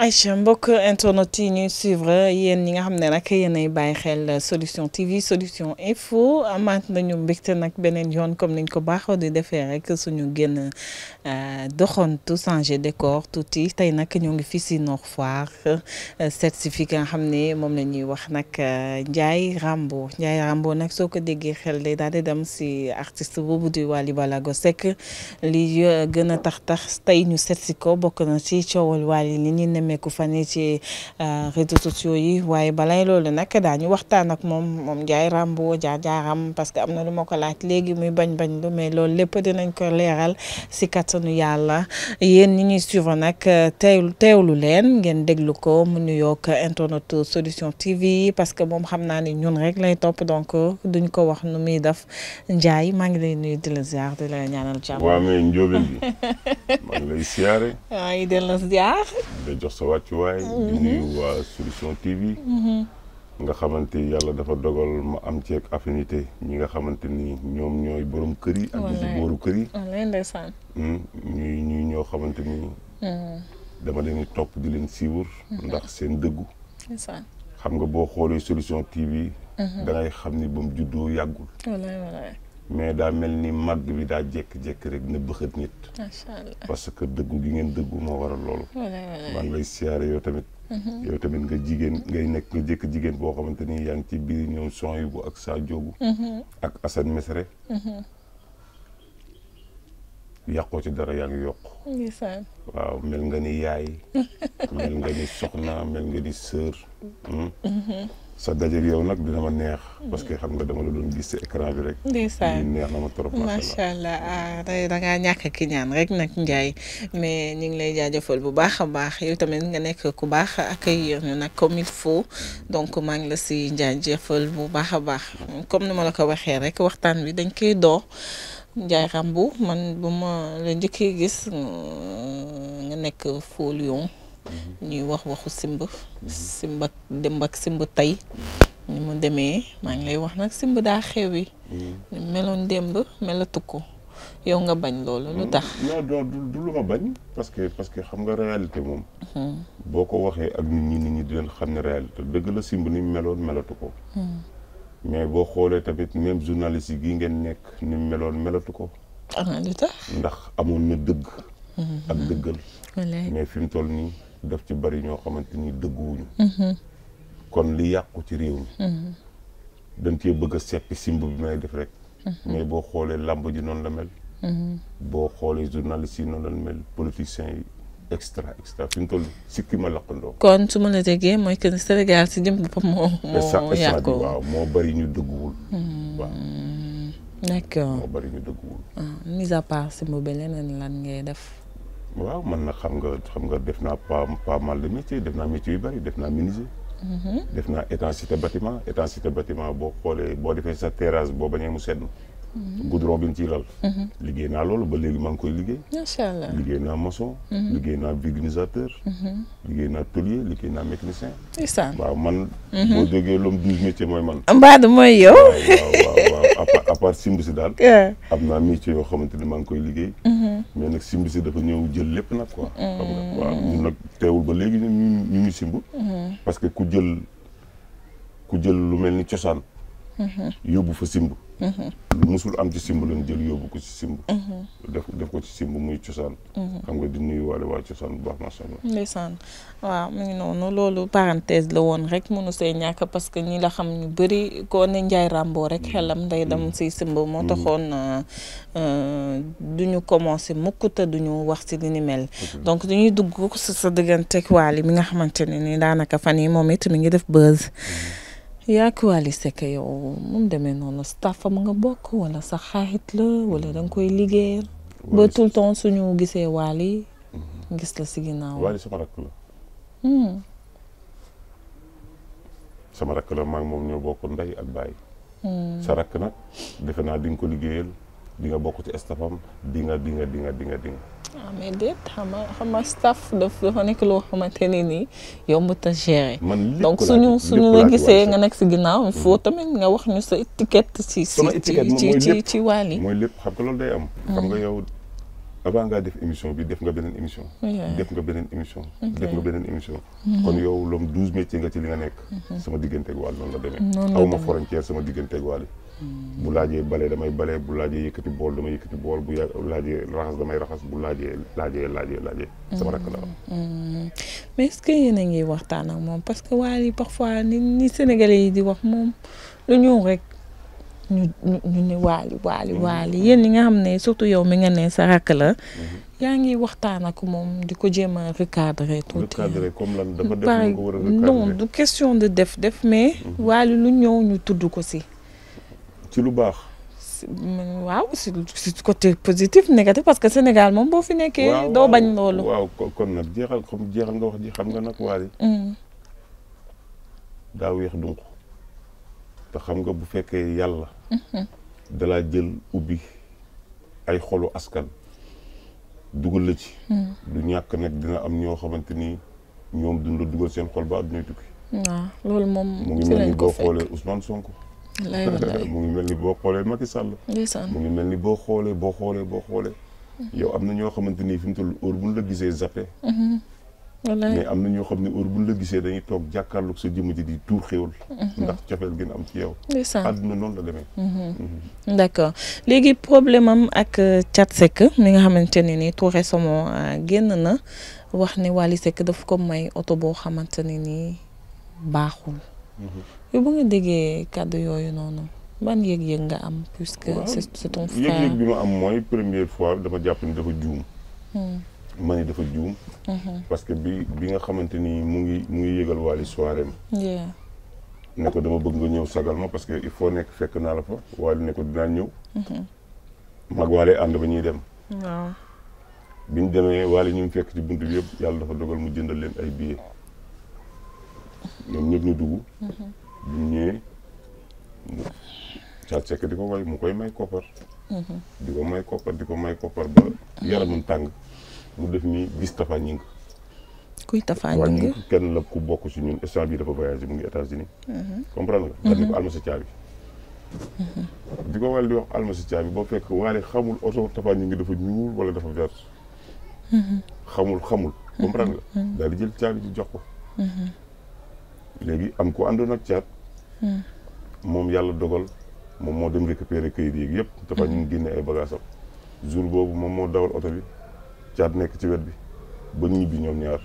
Aïcha mbokk internet yi ñuy suivre yéen ñi nga xam ne nag yéenay bàyyi xel solution TV solution info amaat nañu mbégte nag beneen yoon comme niñ ko baaxoo di defee rek suñu génn euh, doxantu changer décor tuuti tey nag ñoo ngi fii si Nord Foire euh, certificat nga xam ne moom la ñuy wax nag euh, Ndiaye Rambo Ndiaye Rambo nag soo ko déggee xel day daal di dem si artiste boobu di Wally Ballago Seck li gën a tax tax tey ñu seet si ko bokk na ci coowal Wally li ñu nemmeeku fan yi ci euh, réseaux sociaux yi waaye balay loolu nag daañu waxtaan ak moom moom Ndiaye Rambo jaar-jaaram parce que am na lu ma ko laaj léegi muy bañ-bañ lu mais loolu lépp dinañ ko leeral si kattanu yàlla yéen ñu ñuy suivre nag euh, teew teewlu leen ngeen déglu ko mu nuyoo ak internet solution TV parce que moom xam naa ni ñun rek lay topp donc duñ ko wax nu muy def Ndiaye maa ngi lay nuyu di la ziar di la ñaanal jàmm. sa wàccuwaay. Mm-hmm. di nuyu waa solution TV. Mm-hmm. nga xamante yàlla dafa dogal ma am ceeg affinité ñi nga xamante ni ñoom ñooy borom kër yi. ak ñi booru kër yi. wallaay ndeysaan. Hmm, ñuy ñoo xamante ni. Mm-hmm. dama leen topp di leen siiwur. ndax seen dëggu. ndeysaan xam nga boo xoolee solution TV. da xam ni ba mu juddoo yàggul. mais daa mel ni màgg bi daa jékki-jékki rek na bëxët nit. parce que dëggu gi ngeen dëggu moo waral loolu. maa ngi siyaare yow tamit. Mhm. yow tamit nga jigéen ngay nekk nga jékk jigéen boo xamante ni yaa ngi ci biir ñoom son yu bu ak saa joogu. Mhm. ak Assane Mesere. Mhm. ci dara yaa ngi yokk. waaw mel nga ni yaay. mel nga ni soxna mel nga ni sœur. Hmm? sa dajeeg yow nag dina ma neex. parce que xam nga dama la doon gis ci écran bi rek. neex na ma trop. macha allah ah tey ñàkk ki ñaan rek nag Ndiaye mais ñu ngi lay jaajëfal bu baax a baax yow tamit nga nekk ku baax accueillir ñu nag comme il faut donc maa ngi la si jaajëfal bu baax a baax comme ni ma la ko waxee rek waxtaan bi dañ koy doo Ndiaye Rambo man bu ma la njëkkee gis nga nekk faux lion ñuy wax waxu simb simb ak démb ak simb tey ni mu demee maa ngi lay wax nag simb daa xew yi meloon démb melatu ko yow nga bañ loolu lu tax non non du lu ma bañ parce que parce que xam nga réalité moom hmm. boo ko waxee ak nit ñi nit ñi di leen xam ne réalité dëgg la simb ni meloon melatu ko hmm. mais boo xoolee tamit même journaliste yi gii ngeen nekk ni meloon melatu ko ah, lu tax ndax amoon na dëgg hmm, ak dëggal mais fi mu toll nii daf ci bari ñoo xamante ni dëgguwuñu mhm. kon li yàqu ci réew mi mhm. dañ cee bëgg a seppi simb bi may def rek mhm. mais boo xoolee làmb ji noonu la mel boo xoolee journaliste yi noonu la mel politiciens yi extra extra fi toll sikki ma laqandoo kon su ma la déggee mooy que Sénégal si jëm boppam moo moo yàqu moo bari ñu dëgguwul waaw d'accord moo bari ñu dëgguwul ah, mis à part simb bi leneen lan ngay def waaw man na xam nga xam nga def naa pas pas mal de métier def naa métier yu bëri def na menuisier. Mm-hmm. def na naa étanchéité bâtiment étanchéité bâtiment boo xoolee boo defee sa terrasse boo bañee mu sedd. Mhm. goudron bi ñu mhm. liggéey naa loolu ba léegi maa ngi koy liggéey. liggéey naa maçon. Mhm. liggéey naa vulcanisateur. liggéey naa tôlier liggéey naa mécanicien. isaan waaw man. boo déggee loom douze métiers mooy man. mbaadu mooy yow. waaw waaw si daal. am naa métier yoo xamante ni maa ngi koy liggéey. mais nag simb si dafa ñëw jël lépp nag quoi. xam nag teewul ba léegi ñun ñu ngi parce que ku jël ku lu mel ni cosaan. yóbbu fa simb. musul am ci simb lañ jël yóbbu ko ci simb. def def ko ci simb muy cosaan. xam nga di nuyuwaale waa cosaan bu baax macha allah. ndeysaan waaw mu ngi noonu loolu parenthèse la woon rek mënu see ñàkk parce que ñi la xam ñu bëri ko ne Njaay Rambo rek xelam day dem si simb. moo taxoon euh, du ñu commencé mukk du ñu wax si li ni mel. donc dañuy dugg sa sa digganteeg waali mi nga xamante ne ni daanaka fan yi moom it mi ngi def buzz. Mhm. yaa ki Wally Seck yow moom demee noonu staff am nga bokk wala sa xarit la wala mm. danga koy liggéeyal. ba tout le temps suñu gisee Wally mm-hmm. gis la si ginnaaw. Wally sama rakk la. Hmm. sama rakk la maa ngi moom ñoo bokk ndey ak baay. Hmm. sa rakk nag defe naa ko liggéeyal. di nga bokk ci staffam di nga di nga di nga di nga di nga. waaw ah, mais déet xam nga xam nga staff dafa nekk loo xamante ne nii yombut a gérer. donc suñu suñu la gisee nga nekk si ginnaaw il mhm. faut tamit nga wax ñu sa étiquette. ci ci ci ci ci wàll yi mooy lépp xam nga loolu day am. xam nga mhm. yow. avant ngaa def émission bi def nga beneen émission. def nga beneen émission. def nga beneen émission. Mhm. kon yow loom douze métiers nga ci li nga nekk. sama digganteeg wàll noonu la demee. aw ma frontière sama digganteeg wàll yi. bu laajee bale damay bale bu laajee yëkkati bool damay yëkkati bool bu laajee raxas damay raxas bu laajee laajee laajee laajee. sama rakk la mm, mm, mm. mais est-ce yéen a ngi waxtaan ak moom parce que waa yi parfois ni ni Sénégalais yi di wax moom lu ñëw rek ñu mm-hmm. yéen ñi nga xam ne surtout yow mi nga ne sa mm-hmm. yaa ngi waxtaan ak moom di ko jéem a recadrer. tuuti recadrer comme dafa def. ko war a recadrer du question de def def mais. Mm-hmm. waali lu ñëw ñu tudd ko si. ci lu baax. waaw si si côté positif parce que Sénégal moom boo fi nekkee. doo bañ loolu. waaw kon nag jeexal comme nga wax ji xam nga nag waaye. Mm. daa weex donc te xam nga bu fekkee yàlla. Mm-hmm. dalaa jël ubbi ay xolu askan. dugal la ci. Mm. du ñàkk nag dina am ñoo xamante ni ñoom duñ la seen xol ba àdduna tukki. waaw loolu moom. mu ngi mel ni Sonko. mu ngi mel ni boo xoolee Macky Sall mu ngi mel ni boo xoolee boo xoolee boo xoolee yow am na ñoo xamante nii fi mu toll heure buñ la gisee zappé mm-hmm. mais am na ñoo xam ne heure buñ la dañuy toog jàkkaarloog sa jëmm ji di tuur xéwal mm-hmm. ndax cofeel gi am ci yow àdduna noonu la demee mm-hmm. d'accord léegi problème am ak euh, Thiat Seck mi nga xamante ne nii tout récemment euh, génn na wax ni Wally sekk daf ko may oto boo xamante ne nii baaxul yow bu nga déggee kàddu yooyu noonu ban yëg-yëg nga am. puisque c'est ton frère yëg-yëg bi ma am mooy première fois dama jàpp ni dafa juum. Hmm. ma ni dafa juum. Hmm. parce que bi bi nga xamante ni mu ngi mu ngi yëgal waali soirée mi. ne dama bëgg nga ñëw sagal ma parce que il faut nekk fekk naa la fa waali ne ko dinaa ñëw. Hmm. mag waale ànd ba ñuy dem. waaw. bi ñu demee waale ñu fekk ci bunt bi yëpp yàlla dafa dogal mu jëndal leen ay billets. ñoom ñëpp ñu dugg. bi ñëwee Thiat Seck di ko way mu koy may koppar. Mm-hmm. di ko may koppar di ko may koppar ba yaramam mm-hmm. tàng mu def nii bis Tafa Ñing. kuy Tafa Ñing kenn la ku bokk si ñun instant bii dafa voyagé mu ngi États-Unis mm-hmm. comprendre nga. dañu ko alma sa di ko wal di wax alma sa caabi boo fekk waale xamul oto Tafa Ñing dafa ñuul wala dafa vert. xamul xamul. comprendre daal di jël caabi di jox ko. léegi am ku àndoon ak caat hmm. moom yàlla dogal moom moo dem récupérer këyit yeeg yëpp dafa ñu hmm. ngi génne ay bagages jour boobu moom moo dawal oto bi caat nekk ci wet bi ba ñibbi ñoom ñaar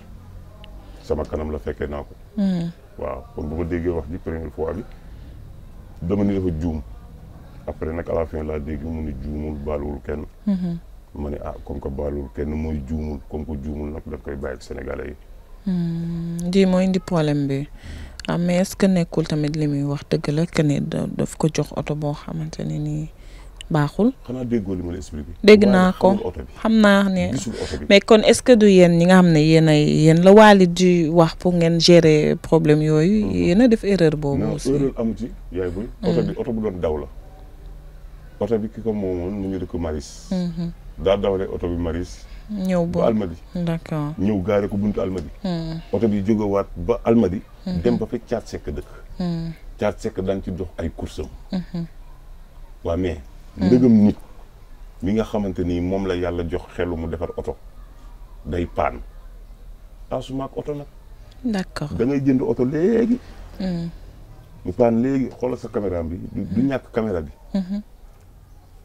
sama kanam la fekkee naa ko hmm. waaw kon bu ma déggee wax ji première fois bi dama ni dafa juum après nag à laa dégg mu ni juumul baaluwul kenn ma ne ah ko que baaluwul kenn mooy juumul comme que juumul nag daf koy bàyyi ak sénégalais yi lii hmm, mooy indi problème bi ah mais est que nekkul tamit li muy wax dëgg la que ne daf ko jox oto boo xamante ne nii baaxul. xanaa déggoo li ma dégg naa ko xam naa ne. mais kon est-ce que du yéen ñi nga xam ne yéen ay yéen la waali di wax pour ngeen gérer problème yooyu. Mm-hmm. yéen a def erreur boobu. aussi non erreur amu ci yaay buy. oto bi mm. doon daw la. oto bi ki ko moomoon mu ngi dëkk Maris. Mm-hmm. daa dawalee oto bi Maris. ñëw ba almadi d'accord ñëw gaare ko buntu almadi hmm. oto bi jógewaat ba almadi hmm. dem ba fa caat sekk dëkk caat hmm. sekk daan ci dox ay kursam waa mais ndëgam nit mi nga xamante ni moom la yàlla jox xelu mu defar oto day paan asuma ak oto nag d'accord dangay jënd oto léegi mu paan léegi xoolal sa caméra bi du ñàkk caméra bi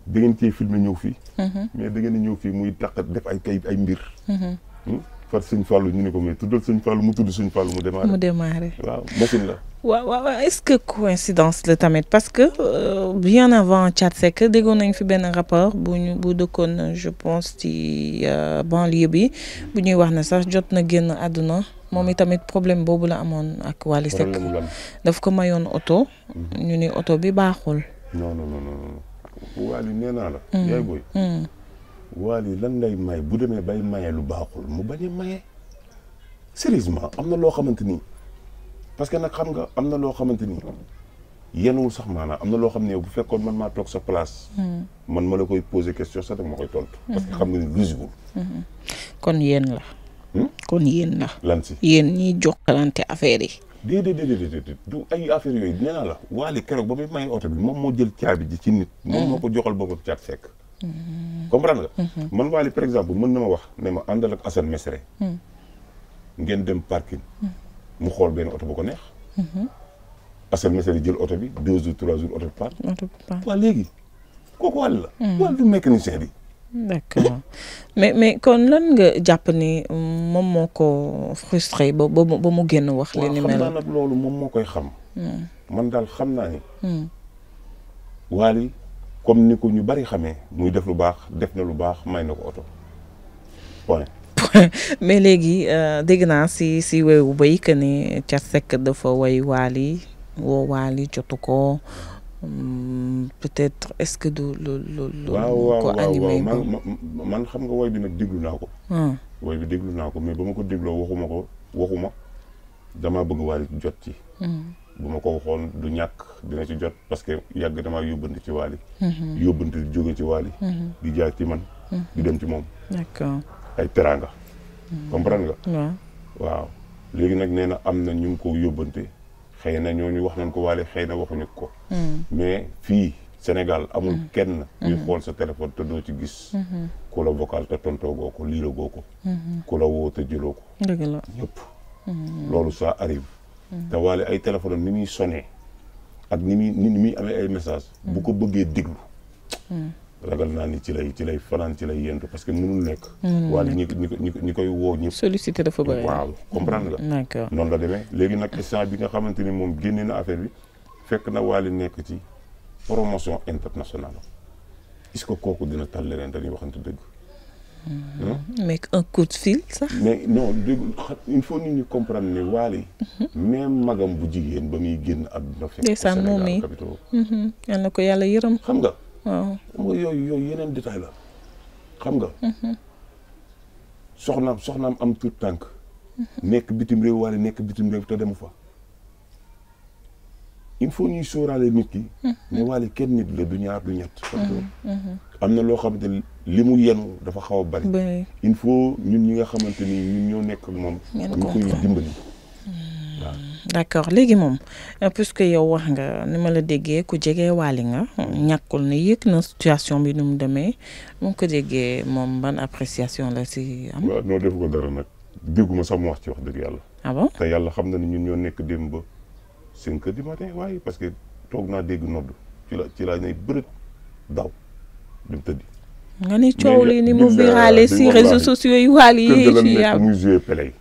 da ngeen cee filmer ñëw fii. Mhm. mais da ngeen a ñëw fii muy taq def ay kayit ay mbir. Mhm. Hmm? ñu ne ko mais tuddal suñ fàllu mu tudd suñ fàllu mu démarré. mu démarré waaw machine la. que coïncidence la tamit parce que euh, bien avant Thiat Seck déggoon nañ fi benn rapport bu ñu bu dëkkoon je pense ci euh, banlieue bi bu ñuy wax ne sax jot na génn adduna moom ah. itamit problème boobu la amoon ak Wally Seck daf ko mayoon oto. Mhm. ñu ne oto bi baaxul. non waali nee naa la mm. Mm. yaay booy waali lan lay may bu demee bay maye lu baaxul mu bañ a maye am na loo xamante nii parce que nag xam nga am na loo xamante nii yenuwul sax maanaa am na loo xam ne bu fekkoon man maa toog sa place. Mm. man ma la koy poser question sax dama koy tontu. Mm-hmm. parce que xam nga ni logique mm-hmm. kon yéen la. Hmm? kon yéen la. lan si jox ñiy jokkalante affaire yi. déedéet déedéet du ay affaire yooyu nee naa la waale keroog ba muy may oto bi moom moo jël caabi ji ci nit. moom moo ko joxal boppam caat sekk. comprendre nga. Mhm. man waale par exemple mën na ma wax ne ma àndal ak Assane Mesre. Mhm. ngeen dem parking. Mhm. mu xool benn oto bu ko neex. Assane Mesre jël oto bi deux jours trois jours oto bi paat. oto bi léegi kooku wàll la. wàllu mécanicien bi. mais mais kon lan nga jàpp ni moom moo ko frustré ba mu génn wax. li mel xam loolu moom moo koy xam. Hmm. man daal xam naa ni. Hmm. Wally comme ni ko ñu bari xame muy def lu baax def na lu baax may na ko oto mais léegi euh, dégg naa si si wéyu béy que ni Thiat Seck dafa woy Wally woo Wally jotu ko. peut-être est-ce que du lu lu. ko animé waaw man xam nga woy bi nag déglu naa ko. woy bi déglu naa ko mais ba ma ko dégloo waxuma ko waxuma damaa bëgg Wally jot ci. bu ma ko waxoon du ñàkk dina ci jot parce que yàgg damaa yóbbante ci Wally. yóbbante jóge ci Wally. di jaar ci man. di dem ci moom. ay teraanga. comprendre nga. léegi nag nee na am na ñu ko yóbbante. xëy na ñooñu wax nañ ko waale xëy na waxuñu ko. Hmm. mais fii Sénégal amul hmm. kenn. ñuy hmm. xool sa téléphone te doo ci gis. ku la vocal te tontoo goo ko liiroo goo ko. ku la woo te jëloo ko. dëgg loolu ça arrive. te waale ay téléphone ni muy sonné ak ni muy ni muy amee ay message bu ko bëggee déglu. ragal naa ni ci lay ci lay fanaan ci lay yentu parce que mënul nekk. Hmm. waa ñi ñi ñi koy woo ñëpp. sollicité dafa bëri waaw comprendre nga. d'accord noonu la demee léegi nag instant bi nga xamante ni moom génne na affaire bi fekk na Wally nekk ci promotion internationale est que kooku dina tal leneen dañuy waxante dëgg. mais hmm. hmm? un coup sax. mais non dégg il faut nit ñi comprendre ne Wally. Mhm. même magam bu jigéen ba muy génn àdduna. fekk Sénégal capitaux moom yi yal ko yàlla yërëm. waaw yooyu yooyu yeneen détail la xam nga. Mhm. soxnaam soxnaam am tout tànk mhm. nekk bitim réew wala nekk bitim réew te demu fa. il faut ñuy sóoraale nit ki. Mhm. ne waale kenn nit la du ñaar ñett. parce am na loo xamante ni li mu yenu dafa xaw a bari. il ñun ñi nga xamante ni ñun ñoo nekk moom. ñu koy dimbali. waaw d' accord léegi moom que yow wax nga ni ma la déggee ku jege waali nga ñàkkul ni yëg na situation bi nu mu demee mu ko déggee moom ban appréciation la si am. waaw noo def ko dara nag dégguma sax mu wax ci wax dëgg yàlla. ah bon te yàlla xam na ni ñun ñoo nekk démb ba cinq heures du matin waaye parce que toog naa dégg nodd ci la ci laa ñuy bërët daw dem tëddi. nga ni coow li ni mu virale si réseaux sociaux yi waal yi. ci yàlla kër peley.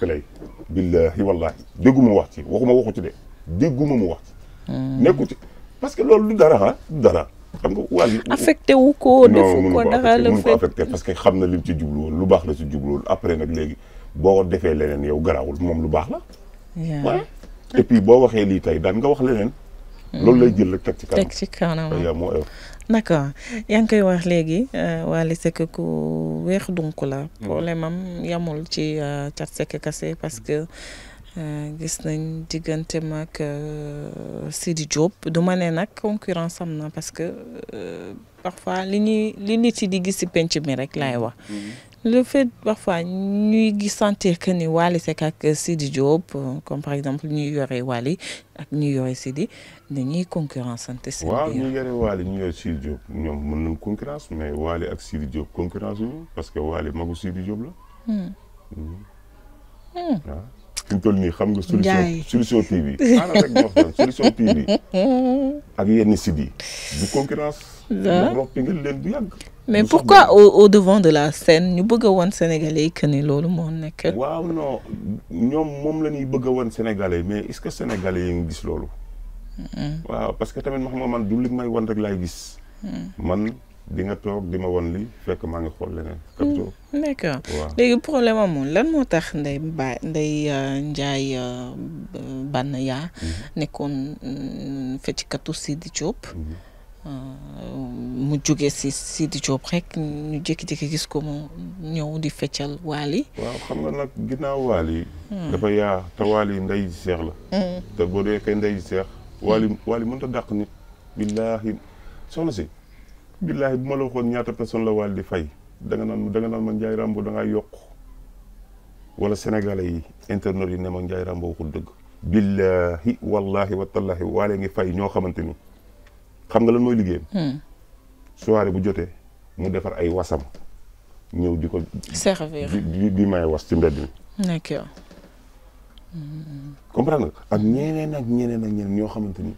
peley billahi wallahi dégguma wax ci waxuma waxu ci de dégguma mu wax ci. Hmm. nekku ci parce que loolu du dara ah du dara. xam nga wàllu affecté wu ko. defu ko dara la ko affecté parce que xam na lim ci jublu lu baax la ci jublu woon après nag léegi boo defee leneen yow garaawul moom lu baax la. waaw boo waxee lii tey daan nga wax leneen. Hmm. loolu lay jël rek teg ci kanam teg d' yaa ngi koy wax léegi euh, Wally Seck ku weex donc la mhm. problème am yamul ci Thiat euh, Seck kase parce que euh, gis nañ diggante mag Sidi Diop du duma ne nag concurrence am na parce que parfois li li nit yi di gis si penc mi rek laay wax mhm. Le fait parfois ñuy sentir que ni Wally Seck ak Sidi Diop comme par exemple ñuy yore Wally ak ñuy yore Sidi dañuy concurrence ante seen waaw ñu yore Wally ñu yore Sidi Diop ñoom mën nañ concurrence mais Wally ak Sidi Diop concurrence ñu parce que Wally magu Sidi Diop la waaw hmm. hmm. hmm. ah, fi nii xam nga solution solution TV xaaral rek solution TV ak yenn Sidi du concurrence waaw rompi ngeen leen bu au au devant de la scène ñu bëgg a wan sénégalais yi que ni loolu moo nekk. waaw non ñoom moom la ñuy bëgg a wan mais est-ce que sénégalais yi ngi gis loolu. Mm-hmm. waaw parce que tamit xam nga man du li may wan rek laay gis. Mm-hmm. man di nga toog di ma wan li fekk maa ngi xool leneen. capito mm, d'accord léegi problème amul lan moo tax nday ba nday euh, Ndiaye euh, Banaya. Mm-hmm. nekkoon mm, feccikatu Sidi Diop. Euh, mu jóge si Sidi Diop rek ñu jékki-jékki gis ko mu ñëw di feccal Waly. waaw xam na nag ginnaaw Waly. Hmm. dafa yaa te Waly ndey seex la. Hmm. te boo dee kay ndey seex. Waly hmm. Waly mënut a dàq nit. billaahi soxna si. billaahi bu ma la waxoon ñaata personne la Waly di fay danga naan danga naan man Ndiaye Rambo dangaa yokk wala sénégalais yi internet yi ne ma Ndiaye Rambo waxul dëgg. billaahi wallaahi watallaahi Waly ngi fay ñoo xamante ni. xam nga lan mooy liggéeyam. Hmm. soirée bu jotee mu defar ay wasam ñëw di ko. servir di di may was ci mbedd mi. d'accord. comprendre nga ak ñeneen ak ñeneen ak ñeneen ñoo xamante ni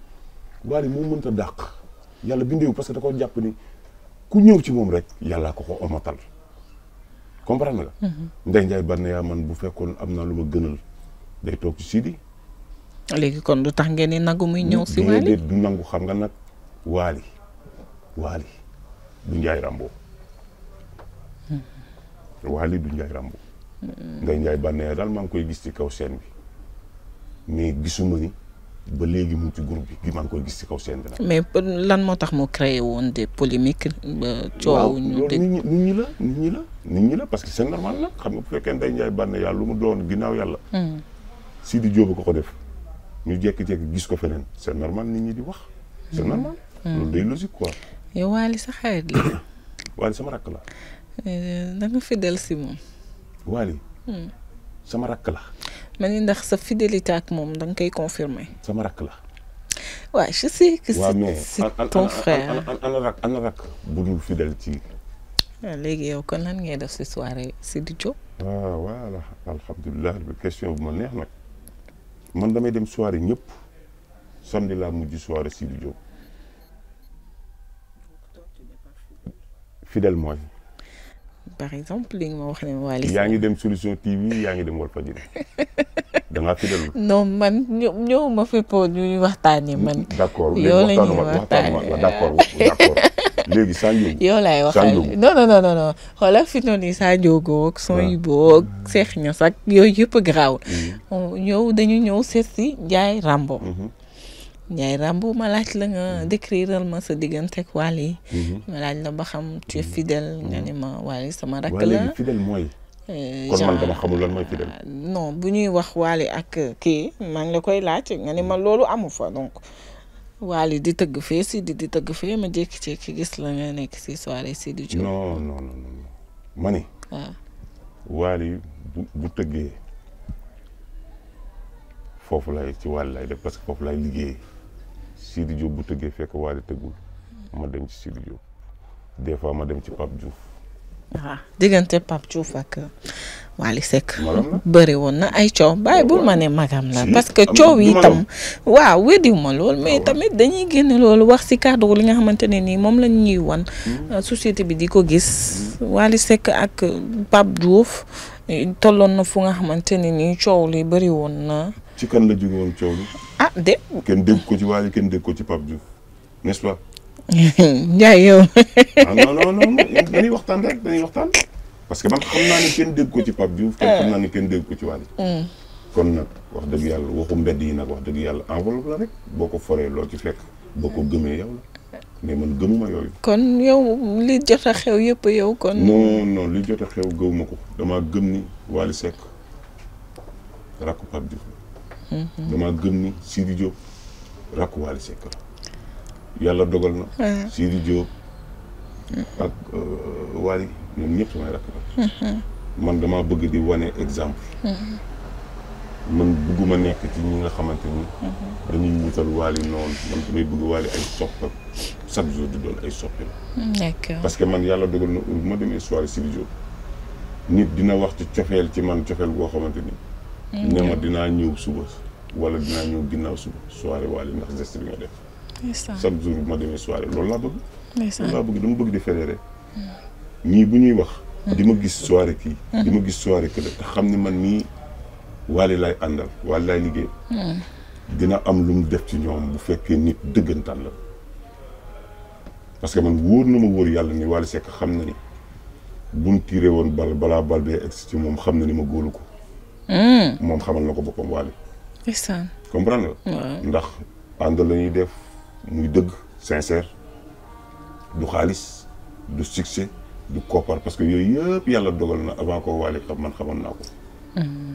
Wally moo mënta dàq yàlla bindeewu parce que da ko jàpp ni ku ñëw ci moom rek yàlla ko ko omatal comprendre nga. Hmm. Ndeye Ndiaye Banaya man bu fekkoon am naa lu ma gënal day toog ci Sidi. léegi kon du tax ngeen ni nangu muy ñëw si Wally du nangu xam nga nag. waali waali du njaay rambo hmm. waali du njaay rambo hmm. ngay njaay bànneex daal maa ngi koy gis ci kaw seen bi mais gisuma ni ba léegi mu ci groupe bi maa ngi koy gis ci kaw seen bi nag lan moo tax mu créé woon des polémiques ba coow ñu dégg nit ñi la nit ñi la nit ñi la parce que c'est normal la xam nga bu fekkee nday njaay bànneex yàlla lu mu doon ginnaaw yàlla hmm. Sidi Diop ko ko def ñu jekki-jekki gis ko feneen c'est normal nit ñi di wax c'est normal Mm. loolu day logique quoi. yow Waly sa xarit la. Waly sama rakk la. Eh, da nga fidèle si moom. Mm. la. ma ndax sa fidélité ak moom danga koy confirmer. sama rakk la. waaw je sais que c'est ton frère. ana rakk bu dul fidèle ah, léegi yow kon lan ngay def si soirée si di Diop. waaw ah, waaw alhamdulilah question bu ma neex nag man damay dem soirée ñëpp samedi laa mujj soirée si di Diop. fidèle mooy. par exemple li nga ma wax ne Waly. yaa ngi dem solution TV yaa ngi dem Walfadjri da ngaa fidèle. non man ñëw ma fi pour ñu waxtaanee man. d' accord léegi waxtaanuma d' accord d' accord. Sa Ndiogou yow laay waxal non non non non xoolal fi noonu Sa Ndiogou ak son yu boo ak Cheikh Niass ak yooyu mm-hmm. ñëw dañu ñëw seet si Ndiaye Rambo. Mm-hmm. Ndiaye Rambo ma laaj la nga mhm. décriral ma sa diggante ak mhm. ma laaj la ba xam tu es mhm. nga ni ma Wally sama rakk la Wally fidèle euh, euh, bu ñuy wax Wally ak kii maa ngi la koy laaj nga ni ma loolu amu fa donc Wally di tëgg fee si di di tëgg fee ma jékki-jékki gis la nga nekk si soirée si di jo non non non non ma waaw ah. Wally bu bu tëggee foofu lay ci wàll lay def parce foofu lay liggéey Sidi Diop bu tëggee fekk waale tëggul ma ah, diggante Pape Diouf ak euh, Wally woon na ay coow bàyyi bul ma ne magam la. parce que coow yi tam. waaw weddiwu ma lool ah mais tamit dañuy génne loolu wax si cadre li nga xamante ne nii moom lañ ñuy wan. Hmm. Euh, societé bi di ko gis. Hmm. Wally Seck ak euh, Pape Diouf tolloon na fu nga xamante nii coow li bëri na. ci kan la jóge woon coow li. ah dé. kenn dégg ko ci waa ji kenn dégg ko ci Pape Diouf n'est-ce pas. Ndiaye yow. ah non non non dañuy waxtaan rek dañuy waxtaan parce que man xam naa ne kenn dégg ko ci Pape Diouf. kenn xam naa ne kenn dégg ko ci waa ah. ji. Mm. kon nag wax dëgg yàlla waxu mbedd yi nag wax dëgg yàlla enveloppe la rek boo ko foree loo ci fekk boo ko gëmee yow la mais man gëmuma yooyu. kon yow li jot a xew yëpp yow kon. non non li jot a xew gëwuma ko damaa gëm ni Wally Seck rakku Pape Diouf la. Mm-hmm. damaa gëm ni Sidi Diop rakk Wally Seck la yàlla dogal na. Sidi Diop ak euh, Wally moom ñëpp samay rakk la. Mm-hmm. man damaa bëgg di wane exemple. Mm-hmm. man bëgguma nekk ci ñi nga xamante ni. dañuy wutal Wally noonu man damay bëgg Wally ay soppam chaque jour di doon ay soppam. Mm, d'accord parce que man yàlla dogal na bu ma demee soirée Sidi Diop nit dina wax ci cofeel ci man cofeel boo xamante ni. ne ma dinaa ñëw suba wala dinaa ñëw ginnaaw suba soirée waale ndax geste bi nga def chaque jour ma demee soirée loolu laa bëgg loolu laa bëgg dama bëgg di fédéré ñii bu ñuy wax mm. di ma gis soirée kii mm. di ma gis soirée kële te xam ne man nii waale laay àndal waale laay liggéey mm. dina am lu mu def ci ñoom bu fekkee nit dëggantaan la parce que man wóor na ma wóor yàlla ni Wally Seck xam na ni buñ tiiree woon bal balaa bal bi bee si ci moom xam na ni ma góolu ko Hmm. moom xamal na ko boppam waali ndeysaan ndax ànd la ñuy def muy dëgg sincère du xaalis du succès du koppar parce que yooyu yëpp yàlla dogal na avant koo waali xam man xamoon naa ko hmm.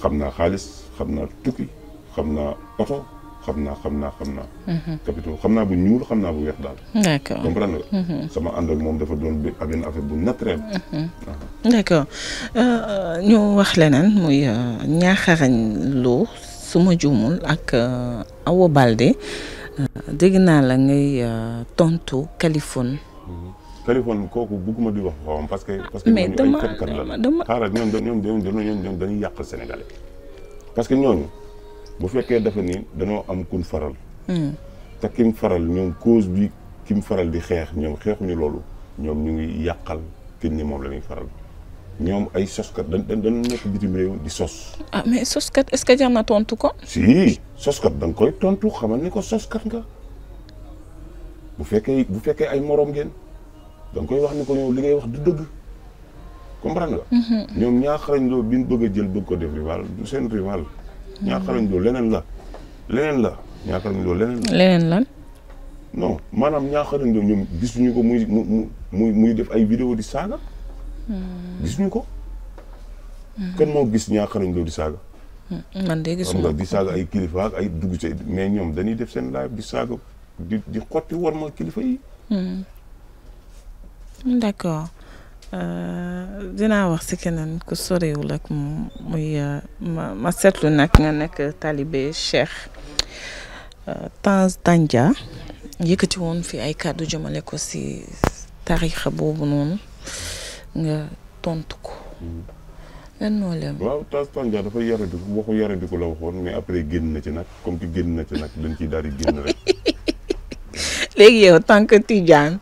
xam naa xaalis xam naa tukki xam naa oto xam naa xam naa xam naa. Mhm. capitaux xam naa bu ñuul xam naa bu weex daal. d' accord mhm. sama ànd moom dafa doon benn affaire bu naturel. Mhm. Ah. d' accord euh, ñu wax leneen muy ñaaxarañ euh, loo su ma juumul ak euh, Awa Balde dégg naa la ngay tontu Californie. Californie kooku bugguma di wax xawam parce que. ñoom yàq sénégalais parce que ñooñu. bu fekkee dafa nii dañoo am kun faral. Hmm. te kim faral ñoom cause bi kim faral di xeex ñoom ni loolu ñoom ñu ngi yàqal ki ni moom la ñuy faral ñoom ay soskat dañ dañ nekk bitim réew di sos. ah mais soskat est-ce na tontu ko. si soskat da nga koy tontu xamal ni ko soskat nga bu fekkee bu fekkee ay morom ngeen da koy wax ni ko ñoom li ngay wax du dëgg. comprendre nga. Mhm. ñoom ñaaxarañ loo bi ñu bëgg a jël bëgg ko def rival du seen rival. ñaaka lañ leneen la leneen la ñaaka lañ doon leneen la. leneen lan. non maanaam ñaaka lañ doon gisuñu ko muy mu muy def ay vidéo di saaga. Hmm. gisuñu ko. Hmm. kan moo gis ñaaka lañ di saaga. Hmm, man de gisuma ko di saaga ay kilifa ak ay dugg ci mais ñoom dañuy def seen live di saaga di di xotti war ma kilifa yi. d'accord. Euh, dinaa wax si keneen ku sorewul ak moom muy euh, ma ma seetlu nag nga nekk taalibe Cheikh euh, Tange Tandia yëkkati woon fi ay kàddu jëmale ko si tarixa boobu noonu nga tontu ko. Hmm. lan moo leen. waaw Tange Tandia dafa yaradiku waxu yaradiku la waxoon mais après génn na ci nag comme que génn na ci nag dañ ciy daal di génn rek. léegi yow tant que Tijaan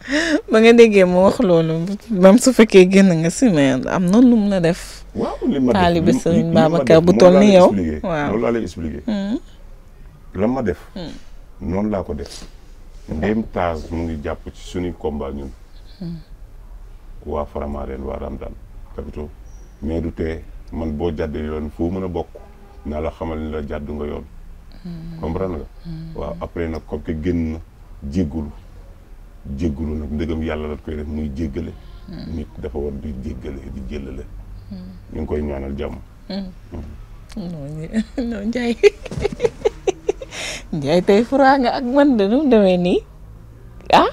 ba nga déggee mu wax loolu même su fekkee génn nga si mais am na lu mu a def. waaw li ma def bu toll ni yow. waaw loolu laa hmm. la ma def. Hmm. noonu laa ko def. ndéem taas mu ngi jàpp ci suñu combat ñun. Hmm. waa Faramareen waa Ramdan capito mais du te man boo jàddee yoon foo mën a bokk naa la xamal ni la jàddu nga yoon. comprendre nga. waaw après nag comme que génn jéggulu jéggulu nag ndegam yàlla la koy def muy jéggale hmm. nit dafa war di jéggale di jëllale hmm. ñu ngi koy ñaanal jàmm hmm. non tey furaa ak man de nu demee nii ah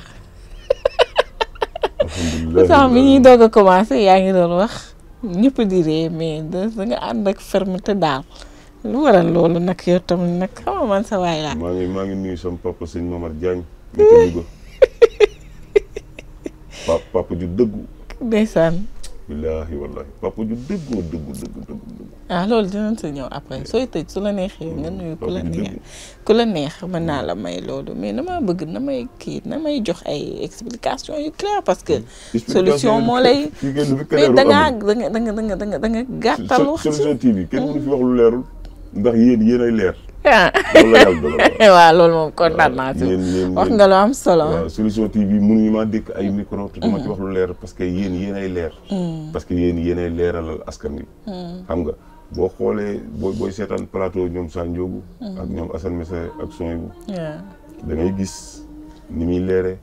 pourtant bi ñuy doog a commencé yaa ngi doon wax ñëpp di ree mais da nga ànd ak fermeté daal lu waral loolu nag yow tamit nag xama man sa waay laa ngi maa ngi nga ca papa ju dëggu. ndeysaan. billaahi wallaahi papa ju dëggoo dëggu dëggu dëggu. ah loolu dinañ sa ñëw après sooy tëj su la neexee nga hmm, nuyu ku la neex ku mën naa la hmm. may loolu mais dama bëgg na may kii na may jox ay explication yu clair parce que. Hmm. solution moo lay. mais da ngaa da nga danga danga da nga da nga gàttal wax. solution kenn mënu fi wax lu leerul ndax yéen yéen ay leer. waaw loolu moom kontaan naa si wax nga lu am solo solution TV mënuñu maa dékk ay mm. micro te dama ci mm. wax lu leer parce que yéen yéen ay leer mm. parce que yéen yéen ay leeralal askan wi xam nga boo xoolee boo booy seetaan plateau ñoom Sa Ndiogou ak ñoom Assane Messa ak Soyibu da ngay gis ni muy leere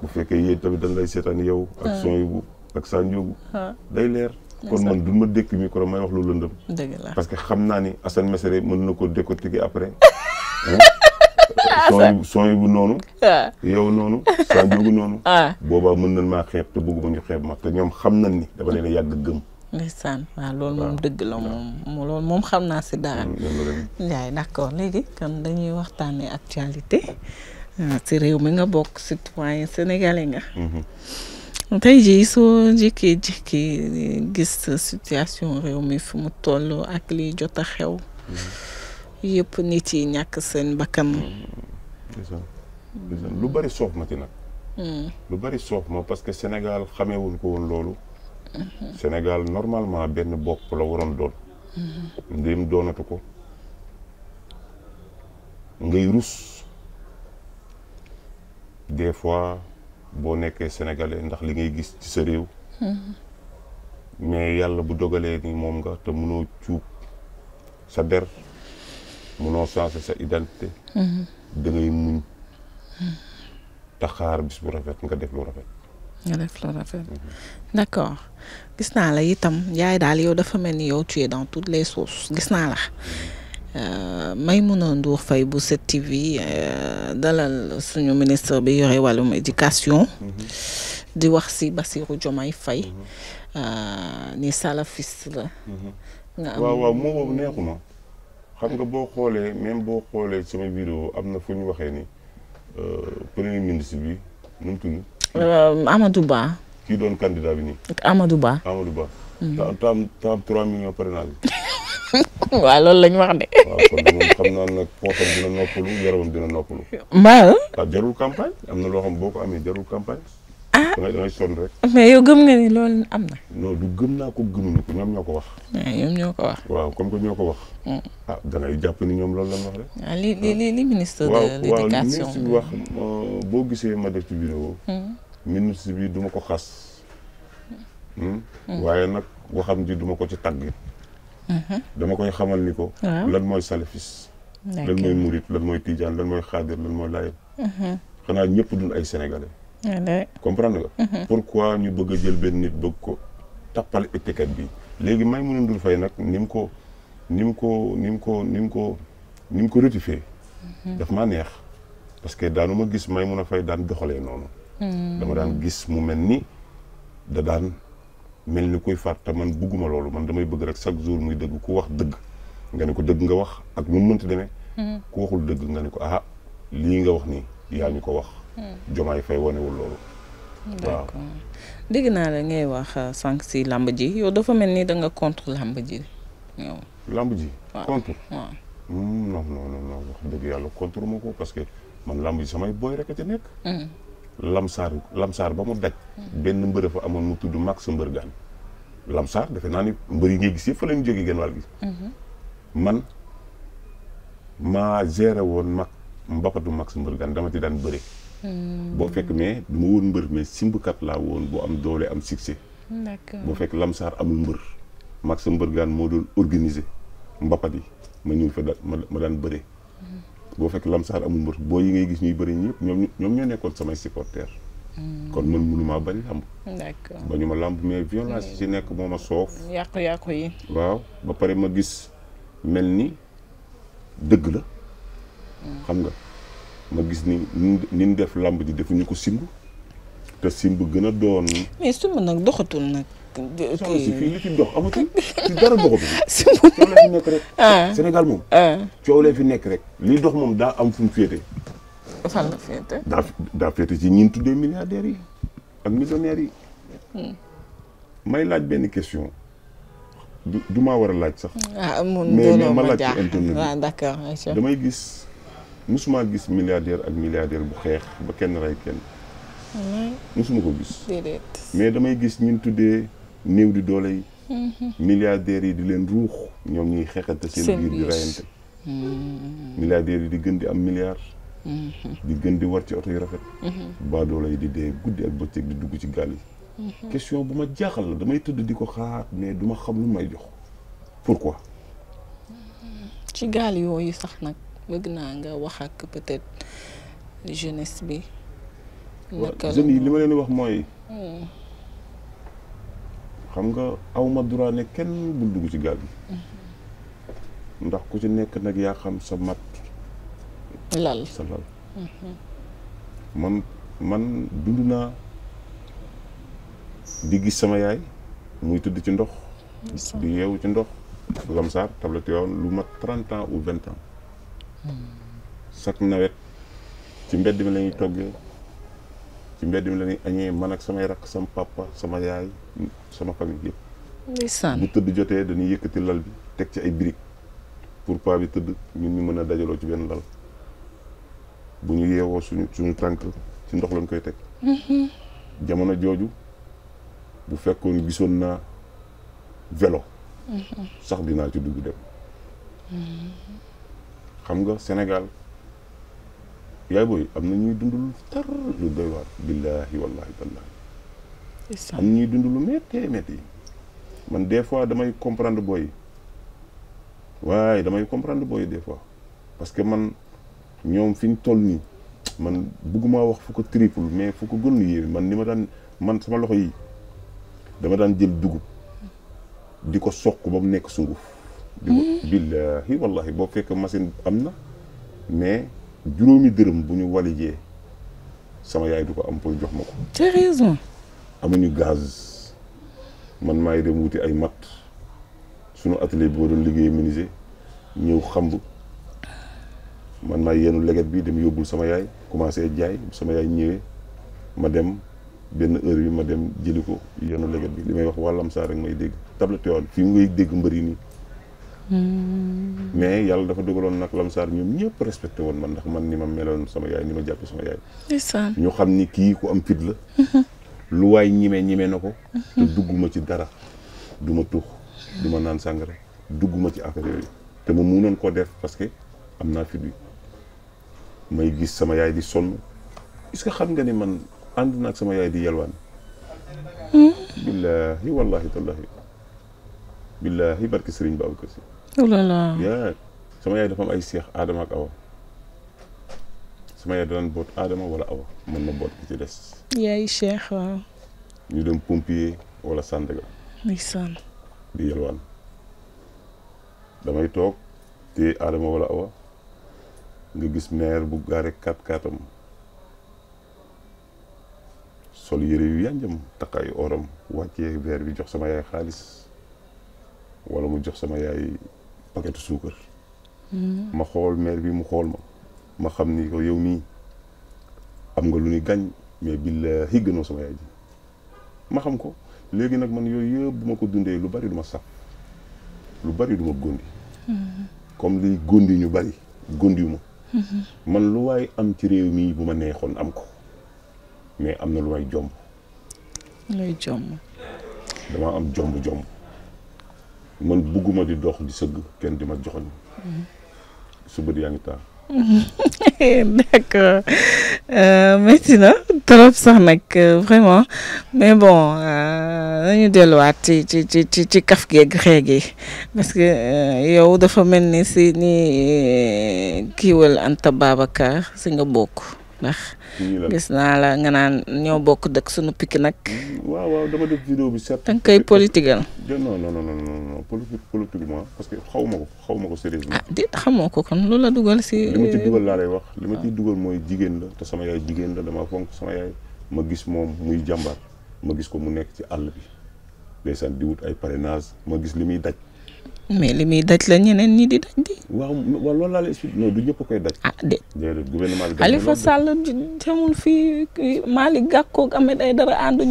bu fekkee yéen tamit dañ lay seetaan yow ak Soyibu ak Sa Ndiogou day leer kon man du ma dékk micro may wax lu lëndëm. dëgg la parce que xam naa ni Assane Mesere mën na ko décortiquer après. son son bu noonu. Ah. yow noonu. saa jógu noonu. Ah. boobaa mën nañ maa xeeb te bëgguma ñu xeeb ma te ñoom xam nañ ni dama leen a yàgg gëm. ndeysaan waaw loolu moom dëgg la moom moom xam naa si dara. Ndiaye d' accord léegi kon dañuy waxtaanee actualité euh, si réew mi nga bokk citoyen sénégalais nga. Mm-hmm. tey jii soo jékkee jékki gis situation réew mi fu mu toll ak li jot a xew yëpp nit yi ñàkk seen bakkan lu bari soof ma ci nag hmm. lu bari soof ma parce que Sénégal xamewuñ ko woon loolu Sénégal normalement benn bopp la waroon doon ndéem doonatu ko ngay rus des boo nekkee sénégalais ndax li ngay gis ci sa réew. Mm-hmm. mais yàlla bu dogalee ni moom nga te mënoo cuub sa der mënoo changer sa identité. Mm-hmm. da ngay muñ. taxaar bis bu rafet nga def lu rafet. nga def lu rafet mm-hmm. d'accord gis naa la itam yaay daal yow dafa mel ni yow tu dans toutes le sauces gis naa la. may euh, Maimouna Ndour fay bu 7TV euh, dalal suñu ministre bi yore wàllum éducation. Mm-hmm. di wax si Bassirou Diomaye Faye. Mm-hmm. Euh, ni salafiste la. Mm-hmm. nga am neexuma xam nga boo xoolee même boo xoolee sama vidéo am na fu ñu waxee ni premier ministre bi nu mu tudd. kii doon candidat bi nii. Amadou Ba Amadou Ba. tam tam 3 waa loolu lañ wax de. waaw kon moom xam naa nag poosam dina noppalu yaramam dina noppalu. maal. waaw jarul campagne am na loo xam boo ko amee jarul campagne. ah da ngay da ngay sonn rek. mais yow gëm nga ni loolu na. non gëm naa ko gëmuñu ko ñoom ko wax. waaw ñoom ñoo ko wax. waaw comme que ñoo ko wax. Mm. ah da jàpp ni ñoom loolu la ñu wax rek. waaw ah, li li ministre de l'éducation euh, boo gisee ma ci vidéo. Mm. bi duma ko xas. Hmm? Mm. waaye nag waxam ji duma ko ci tàgg. Mm-hmm. dama koy xamal ni ko. lan mooy salafis. lan mooy murit lan mooy tijaan lan mooy xaadir lan mooy laayeen. Mm-hmm. xanaa ñëpp duñ ay sénégalais. comprendre nga. Mm-hmm. pourquoi ñu bëgg a jël benn nit bëgg ko tappal étiquette bi léegi may mën a ndur fay nag ni mu ko ni mu ko nim ko nim ko ni mu ko rectifier. daf maa neex parce que daanu ma gis may mën a fay daan doxalee noonu. Mm. dama daan gis mu mel ni da daan. mel ni koy far te man bugguma loolu man damay bëgg rek chaque jour muy dëgg ku wax dëgg nga ne ko dëgg nga wax ak nu mu mënti demee. Mm-hmm. ku waxul dëgg nga ne ko ah lii nga wax nii yaa ñu ko wax. Mm-hmm. jomaay fay wanewul loolu. waaw dégg naa la ngay wax euh, sànq si làmb ji yow dafa mel ni da nga contre làmb ji yow. làmb ji. contre waaw mm, non non dëgg yàlla contre ma ko parce que man làmb ji samay booy rek a ca nekk. Mm-hmm. lamsaar lamsaar ba mu daj. benn mbër fa amoon mu tudd Max Mbergane. lamsaar defe naa ni mbër yi ngay gis yëpp fa la ñu jógee genn wàll mhm. man maa géré woon mag mbapatu Max Mbergane dama ci daan bëre. Hmm. boo fekk mais du woon mbër mais simbkat laa woon boo am doole am succès. d'accord boo fekk lamsaar amul mbër. Max Mbergane moo doon organiser mbapat ma ñëw fa ma daan bëre. boo fekk lamsaar amul mbër boo yi ngay gis ñuy bëri ñëpp ñoom ñoom ñoo nekkoon samay supporters. Hmm. kon man mënumaa bañ làmb. d'accord ba ñu ma làmb mais violage yi ci nekk moo ma soof. yàqu-yàqu yi. waaw ba pare ma gis mel ni dëgg la. Hmm. xam nga ma gis ni ni ñu def làmb ji defuñu ko simb te simb gën a doon. mais sumb nag doxatul nag. kii fii li fi dox amatul fi dara doxatul. su coow lee fi nekk rek. Ah. Sénégal moom. Ah. coow dox moom daa am fu mu féete. fan la féete. daa féete ci ñi tuddee milliardaires yi ak millionnaires yi. Hmm. may laaj benn question du maa war a laaj sax. ah mun mais ma laaj ci ah, damay gis musuma gis milliardaire ak milliardaire bu xeex ba kenn rey kenn. Hmm. musuma ko gis. mais damay gis ñun tuddee. néew di doole yi. Mhm. milliardaires yi di leen ruux ñoom ñuy xeexante seen biir di rayante mhm. milliardaires yi di gën di am milliard mhm. di gën di war ci oto yu rafet baadoolo yi di dee guddi ak bëccëg di dugg ci gaal yi question bu ma jaaxal la damay tëdd di ko xaar mais duma xam lu may jox pourquoi ci gaal yooyu sax nag bëgg naa nga wax ak peut-être jeunesse bi naka yi li ma leen wax mooy mm. xam nga awma droit ne kenn bul dugg ci gaal bi ndax ku ci nekk nag yaa xam sa mat lal sa lal mhm. man man dund naa di gis sama yaay muy tudd ci ndox di yeewu ci ndox lamsaar tablette yoon lu mat trente ans ou vingt ans hmm. chaque nawet ci mbedd mi la ñuy toggee ci mbedd mi la ni añee man ak samay rakk sama papa sama yaay sama famille yëpp. ndeysaan bu tëdd jotee dañuy yëkkati lal bi teg ci ay briques pour pas bi tëdd ñun ñu mën a dajaloo ci benn lal bu ñu yeewoo suñu suñu tànk ci ndox lañ koy teg. Mhm. jamono jooju bu fekkoon gisoon naa velo mhm. sax dinaa ci dugg dem. Mhm. xam nga senegal yaay booy am na ñuy dund lu tar lu doy waar billaahi wallaahi tallaahi am ñuy dund lu méttee métti man des fois damay comprendre booy waaye damay comprendre booy des fois parce que man ñoom fi ñu toll nii man bëggumaa wax fu ko triple mais fu ko gën yéeme man li ma daan man sama loxo yi dama daan jël dugub di ko soq ba mu nekk sunguf di hmm. ko billaahi wallaahi boo fekk machine am na mais juróomi dërëm bu ñu walijee sama yaay du ko am pour jox ma ko. t'as raison. amuñu gaz man maay dem wuti ay matt sunu atelier bi ma doon liggéey menuisier ñëw xamb man maay yenu leget bi dem yóbbul sama yaay commencé jaay sama yaay ñëwee ma dem benn heure bi ma dem jëli ko yenu leget bi li may wax wàllam saa rek may dégg table teewaat fii ngay dégg mbëri nii. Hmm. mais yàlla dafa dogaloon nag lamsaar ñoom ñëpp respecté woon man ndax man ni ma meloon sama yaay ni ma jàpp sama yaay. ñu xam ni kii ku am fit la. lu waay ñime ñime na ko. dugguma ci dara. du ma tuux du ma naan sàngara dugguma ci affaire yooyu te ma munoon koo def parce que am naa fit bi may gis sama yaay di sonn est-ce xam nga ni man ànd naag sama yaay di yalwaan. Hmm? billahi wallahi tallahi billahi barki sëriñ Babacar Si oh là là. sama yaay dafa ay seex aadama ak awa sama yaay daan boot aadama wala awa mën na boot ki ci des. yaay seex waaw. ñu dem pompier wala Sandaga. ndeysaan. di yelwaan damay toog te aadama wala awa nga gis maire bu gaare kat katam sol yére yu yànjam takk ay oram wàccee verre bi jox sama yaay xaalis wala mu jox sama yaay. paquetu suukar. ma xool maire bi mu xool ma ma xam ni ko yow mii am nga lu ni gañ mais billaahi gënoo sama yaay ma xam ko léegi nag man yooyu yëpp bu ma ko dundee lu bari du ma lu bari duma ma gondi comme liy gondi ñu bari gondiwu ma man lu waay am ci réew mii bu ma neexoon am ko mais am na lu may jomb lay jomb damaa am jomb jomb man bugguma di dox di sëgg kenn di ma joxoñ suba di yaa ngi taal. d'accord euh, métti na trop sax nag euh, vraiment mais bon euh, nañu delluwaat ci ci ci ci ci kaf geeg xee gi parce que yow dafa mel ni si ni kiiwal Anta Babacar si nga bokk. ndax gis naa la nga naan ñoo bokk dëkk suñu piki nag. Mm, waaw waaw dama def vidéo bi certes. da nga koy politigal. non non non parce que xaw ma ko xaw ma ko sérieusement. ah déet xamoo ko kon loolu la dugal si. li ma ci dugal laa lay wax. li ma ciy ah. dugal mooy jigéen la te sama yaay jigéen la dama fonk sama yaay. ma gis moom muy jàmbar ma gis ko mu nekk ci àll bi ndeysaan di wut ay parrainage ma gis li muy daj. mais li muy daj la ñeneen ñi di daj di. waaw waaw loolu laa lay expliqué non du ñëpp koy daj. ah de gouvernement bi Khalifa Sall demul fii Malick Gakou ak Ahmed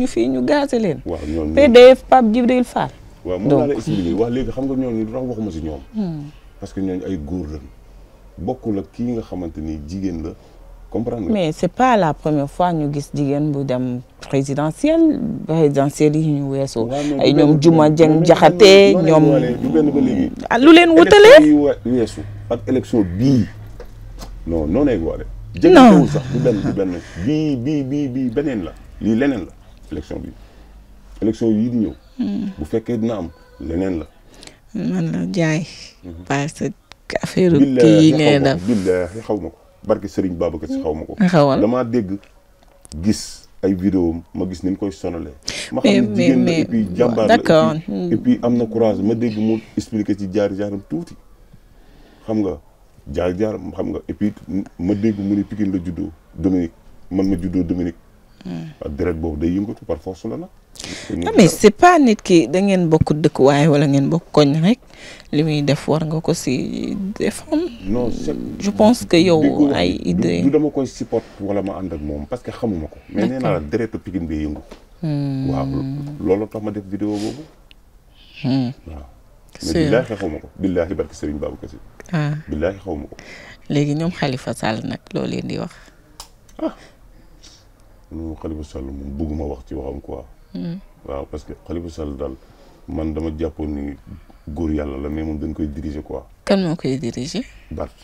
fii ñu gaase leen. waaw ñooñu PDF Pape Djibril Fall. donc waaw moom laa lay expliqué hmm. wax léegi xam nga ñooñu dafa waxuma si ñoom. Hmm. parce que ñooñu ay góor lañ bokkul ak kii nga xamante ni jigéen la comprendre mais c' est pas la première fois ñu gis jigéen bu dem présidentielle présidentielle yi ñu weesoo. ay ñoom Juma Jeng Jaxate ñoom. Ah, lu leen wutalee. weesu ak élection bii non non lay boole. non sax du benn bii bii beneen la lii leneen la élection bii élection yii ñëw. Hmm. bu fekkee dina leneen la. man la jaay. Hmm. parce que affaire kii yi ngay def xaw ma barki Serigne ka si xaw ma ko. xawal damaa dégg gis ay vidéo ma gis ni mu koy sonalee. ma xam ne jigéen am na courage ma dégg mu expliquer ci jaar jaaram tuuti xam nga jaar jaaram xam nga et ma dégg mu ni la juddoo Dominique man ma juddoo Dominique. ak deret boobu day yëngatu par force la nag. Ah, mais c'est pas nit ki da ngeen bokk dëkkuwaay wala ngeen bokk koñ rek li muy def war nga ko si défendre. non je pense que yow ay idée du dama koy support wala ma ànd ak moom parce que xamuma ko. mais nee naa la deretu Pikine bi yëngu. Hmm. waaw loolu tax ma def vidéo boobu. Hmm. billaahi xawma ko billaahi barki Serigne Babacar Sy. ah billaahi xawma ko. léegi ñoom xalifa Sall nag loo leen di wax. Ah. nu Khalifa Sall moom bëgguma wax ci waxam quoi. Hmm. waaw parce que Khalifa Sall dal man dama jàppoon ni góor yàlla la mais moom dañ koy diriger quoi. kan moo koy diriger. Bart.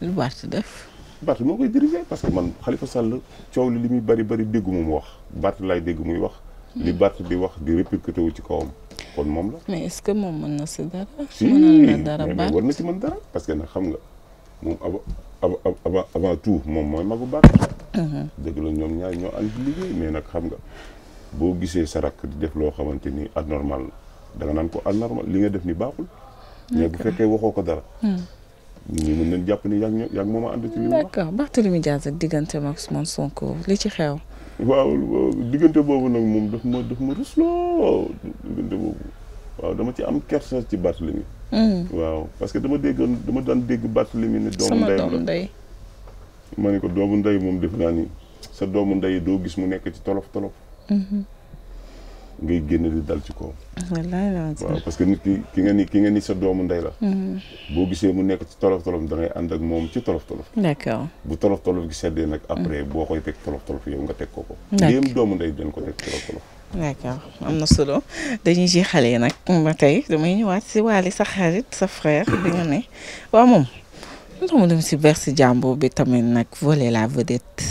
lu Bart def. Bart moo koy diriger parce que man Khalifa Sall coow li li muy bari bari dégguma mu wax Bart laay dégg muy wax. li Bart di wax di wu ci kawam. kon moom la. mais est-ce que moom mën na si dara. mënal na dara Bart war na si mën dara. parce que nag xam nga moom avant avant moom mooy magu Bart. dëgg la ñoom ñaar ñoo ànd liggéey mais nag xam nga boo gisee sa rakk di def loo xamante ni anormal da nga naan ko anormal li nga def ni baaxul. mais bu fekkee waxoo ko dara. Hmm. ñu mën jàpp ni yaa ngi yaa ngi moom a ànd ci li mu wax. d'accord Barthélémy Dias ak diggante ak daf ma daf ma rusloo diggante dama ci am kersa ci Barthélémy. Hmm. waaw parce que dama déggoon dama daan dégg Barthélémy ne doomu ndeyam ma ne ko doomu ndey moom def naa sa doomu ndey doo gis mu nekk ci tolof tolof. Mhm. ngay génn di dal ci kawam. waaw parce que nit ki nga ni ki nga sa doomu ndey la. Mhm. boo gisee mu nekk ci tolof tolof da ànd ak moom ci tolof tolof. d'accord bu tolof tolof gi seddee nag après mhm. boo koy teg tolof tolof yow nga teg ko ko. léem doomu ndey dañ ko teg tolof tolof. d'accord am na solo dañuy ji xale nag ba tey damay ñëwaat si Wally sa xarit sa frère bi ne waaw moom. lu ma dem si verse jàmbur bi tamit nag voler la vedette.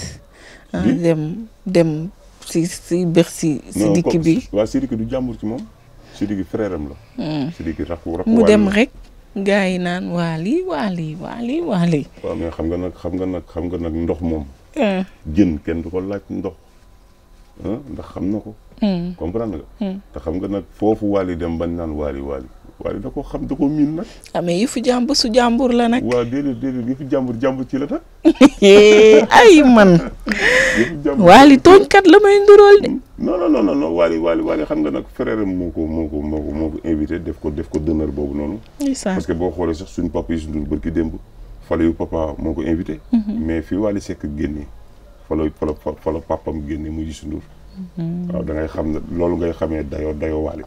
Ah, dem dem si si bersi si dikk bi waaw Sidiki du jàmbur ci moom Sidiki frère am la. Hmm. Sidiki rakku rakku mu dem rek. gaa yi naan waali waali waali waali. waaw mais xam nga nag xam nga nag xam nga nag ndox moom. Hmm. jën kenn du ko laaj ndox ah, ndax xam na ko. Mm. comprendre nga. Mm. te xam nga nag foofu waali dem bañ naan waali waali waali da koo xam da ko miin nag. ah mais yëfu jàmbur su jàmbur la nag. waaw déedéet déedéet yëfu jàmbur jàmbur ci la nag. Eh, ay man. yëfu jàmbur waali la may ndurool de. non non non non waali waali waali xam nga nag frère am moo ko moo ko moo invité def ko def ko donneur boobu noonu. parce que boo xoolee sax suñu papa yi suñu bërki démb. fale yu papa moo ko invité. Mm-hmm. mais fi Wally Seck génnee. fa la fa la fa la papam génnee muy Youssou Ndour Mm. waaw da xam ne loolu ngay xamee dayoo dayoo waali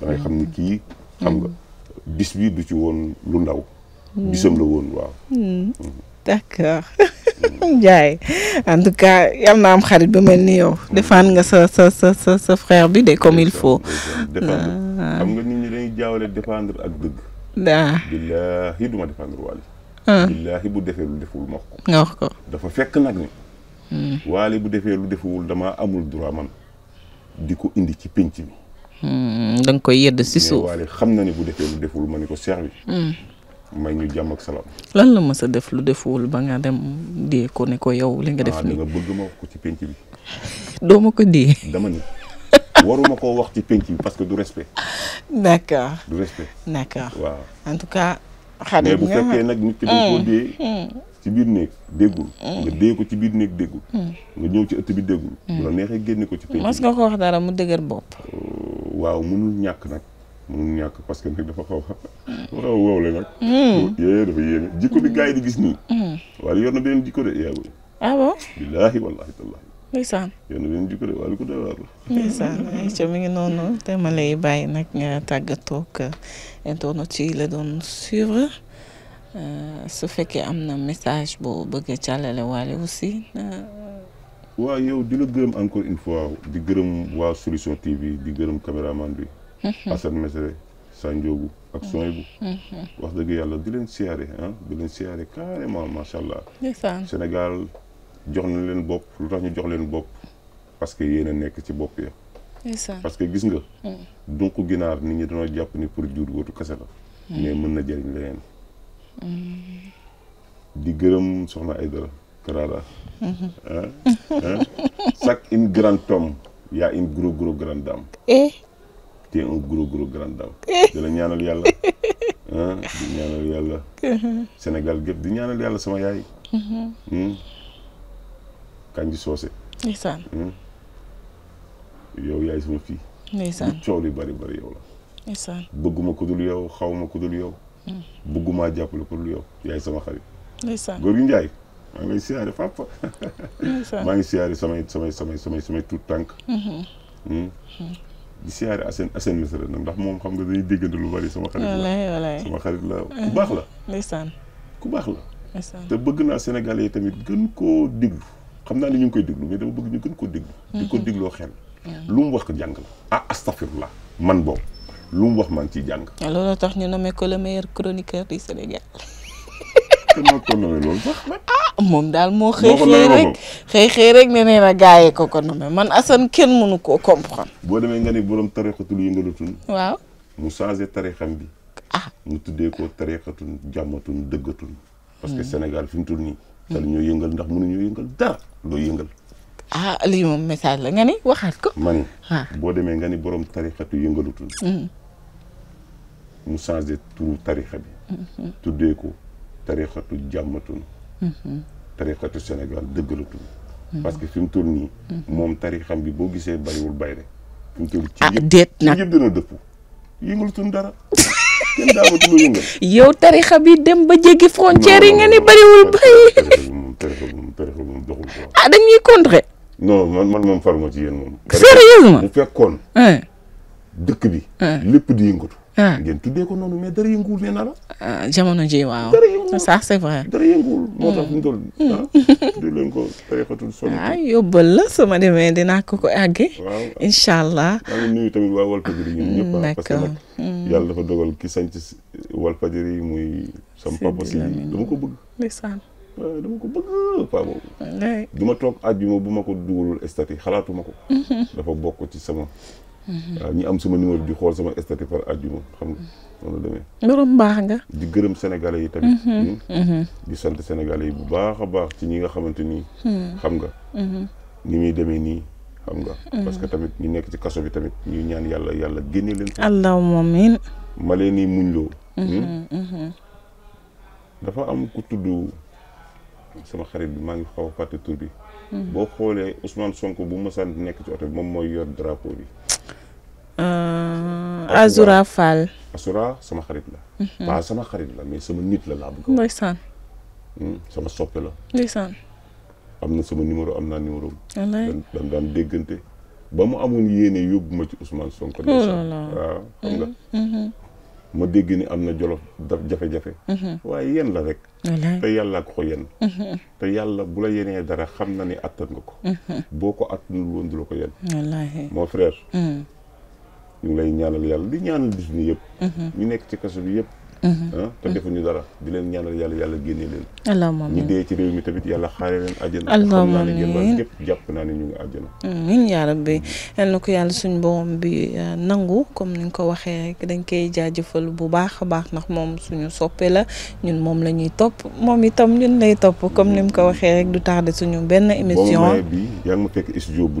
da xam ni mm. kii xam nga mm. bis bi du ci woon lu ndaw bisam la woon waaw d'accord Ndiaye en tout cas yam na am xarit ba mel ni yow défendre nga sa sa sa sa sa frère bi de comme il faut défendre ah. xam nga nit ñi dañuy jaawale défendre ak dëgg daa billaahi duma défendre waali ah. billaahi bu defee lu deful ma ko ko dafa fekk nag ni Hmm. waale bu defee lu defewul damaa amul droit man di ko indi ci pénc bi. Hmm, da koy yedd si suuf waale xam na ne bu ma ni ko hmm. may ñu jàmm ak salaam. lan la ma a def lu defewul ba nga dem dee ko ne ko yow li nga def ah, nii da nga bëgg ma wax ko ci pénc bi. doo ma ko dee. dama ni waruma koo wax ci pénc bi parce que du respect. du respect. d' waaw en tout cas. xale bi nga mais bu fekkee nag nit ki koo dee. ci biir néeg déggul. Mm. nga dee ko ci biir néeg déggul. Mm. nga ñëw ci ëtt bi déggul. Mm. bu la neexee génne ko ci penc. mos nga ko wax dara mu dëgër bopp. Euh, waaw mënul ñàkk nag mënul ñàkk parce que nag dafa xaw a xaw a woowle nag. yee dafa yéene jikko bi gars di gis nii. waaye yor beneen jikko de yaa ngi. ah bon. billaahi wallaahi tallaahi. ndeysaan yoon bi ñu jukkalee waaye lu ko doy waar la. ndeysaan ayca mi ngi noonu te ma lay bàyyi nag nga tàggatoo ak eh, internet yi la doon suivre. Euh, su fekkee am na message boo bëgg a càllale waale aussi. Euh, waaw yow di la gërëm encore une fois di gërëm waa solution TV di gërëm caméraman bi. Mhm. Assane Mesere Sanjoogu ak Soñebu. Mhm. wax dëgg yàlla di leen siyaare ah di leen siyaare carrément macha allah. Sénégal jox na leen bopp lu tax ñu jox leen bopp parce que yéen nekk ci bopp ya parce que gis nga. Mhm. donc ginaar nit ñi dañoo jàpp ni pour jur wootu kese la. mais mën na jëriñ leneen. di gërëm soxna Aïdara Karara chaque une grande tombe y a une gros gros grande eh? te un gros gros grande dame eh? di ñaanal yàlla di ñaanal yàlla Sénégal gépp di ñaanal yàlla sama yaay hmm? Kandji Socé ndeysaan hmm? yow yaay sama fii ndeysaan coow li bari bari yow la bëgguma ku dul yow xawma ku dul bëggumaa jàppale pour lu yow yaay sama xarit. ndeysaan góor gi Ndiaye maa ngi lay siyaare papa. maa ngi siyaare samay samay samay samay samay tuut tànk. Mm-hmm. Hmm? di siyaare Assane Assane Mesra ndax moom xam nga dañuy déggante lu bari sama xarit la sama la ku baax la. ndeysaan ku baax la. te bëgg naa Sénégalais yi tamit gën koo déglu xam naa ni ñu ngi koy déglu mais dama bëgg ñu gën koo déglu. di ko mm-hmm. dégloo xel. lu mu wax jàng la. ah astafirullah man boobu. lu mu wax maa ngi ciy jàng. Ah, loolu tax ñu nommé ko le meilleur chroniqueur du Sénégal. te moo ko nommé loolu ah, moom daal moo. xëy xëy rek rek ne ko ko man Assane kenn mënu koo comprendre. boo demee nga ni borom tarixatul yëngalatun. waaam mu changé tarixam bi. ah mu tuddee ko tarixatun jàmmatun dëggatun. parce que hmm. Sénégal fi mu toll nii. Hmm. te ñoo yëngal ndax mënuñoo yëngal dara loo yëngal. ah lii moom message la nga ni waxaat ko. man ah. boo demee nga ni borom tarixatu yëngalutul. Hmm. mu changé turu tarixa bi tuddee ko tarixatu jàmmatun tarixatu Sénégal dëggalatun parce que fi mu toll nii moom tarixam bi boo gisee bariwul bayre fi mu toll ci ah, yëpp déet nag yëpp dana dëpp yëngalatun tarixa bi dem ba jéggi frontière nga ni bariwul bay moom tarixa bi moom tarixa bi moom doxul quoi ah dañuy man man moom ci yéen moom sérieusement fekkoon eh. dëkk bi eh. lépp di yëngatu ngeen tuddee ko noonu mais dara yënguwul nee ah, jamono ji waaw. dara yënguwul sax c'est vrai. dara yënguwul. Hmm. moo tax ñu doon. tuddee leen ko tarixatul ah, la ko ah, hmm. dogal ki sanc Walfadjri yi muy. sam papa dama ko bëgg. ndeysaan. waaw dama ko bëgg paa boobu. du ma toog àjjuma bu ma ko dugalul estati xalaatuma ko. Hmm. dafa bokk ci sama. Mm-hmm. waaw ñu am sama numéro di xool sama statut par àjjuma xam nga noonu demee. borom baax nga. di gërëm sénégalais yi tamit. Mm-hmm. Hmm? Mm-hmm. di sant sénégalais yi bu baax a baax ci ñi nga xamante ni. Hmm. xam nga. ni muy demee nii. xam nga parce que tamit ñu nekk ci kaso bi tamit ñu ñaan yàlla yàlla génne leen. allahumma amiin. ma leen ni muñ loo. dafa am ku tudd sama xarit bi maa ngi xaw a fàtte tur bi. Mhm. boo xoolee Ousmane sonk bu mësaan nekk ci oto bi moom mooy yor drapeau bi. Euh, Azura Fall. Azura sama xarit la. waaw mhm. sama xarit la mais sama nit la laa bëgg. ndeysaan. Hmm, sama soppe la. am na sama numéro am naa numéro. wallaay daan déggante ba mu amul yéene yóbbu ma ci Ousmane Sonko. Oh waaw xam nga. Mhm, ma dégg ni am na jolof daf jafe-jafe mhm. waaye yéen la rek te yàlla ko ko yenn mhm. te yàlla bu la yenee dara xam na ni attan nga ko mhm. boo ko attanul woon du la ko yenn mon frère ñu ngi lay ñaanal yàlla di ñaanal bis ni yëpp ñu nekk ci kaso bi yëpp Mm-hmm. Ah, te defuñu dara di leen ñaanal yàlla yàlla génne leen allahumma ñu dee ci réew mi tamit yàlla xaare leen àjjana allahumma amiin gépp jàpp naa ne ñu ngi àjjana amiin yaa rabbi ko yàlla suñ borom bi ah, nangu comme ni nga ko waxee rek dañ koy jaajëfal bu baax a baax ndax moom suñu soppee la ñun moom la ñuy topp moom itam ñun lay topp comme ni mu ko waxee rek du tardé suñu benn émission bi yaa ngi ma fekk studio bu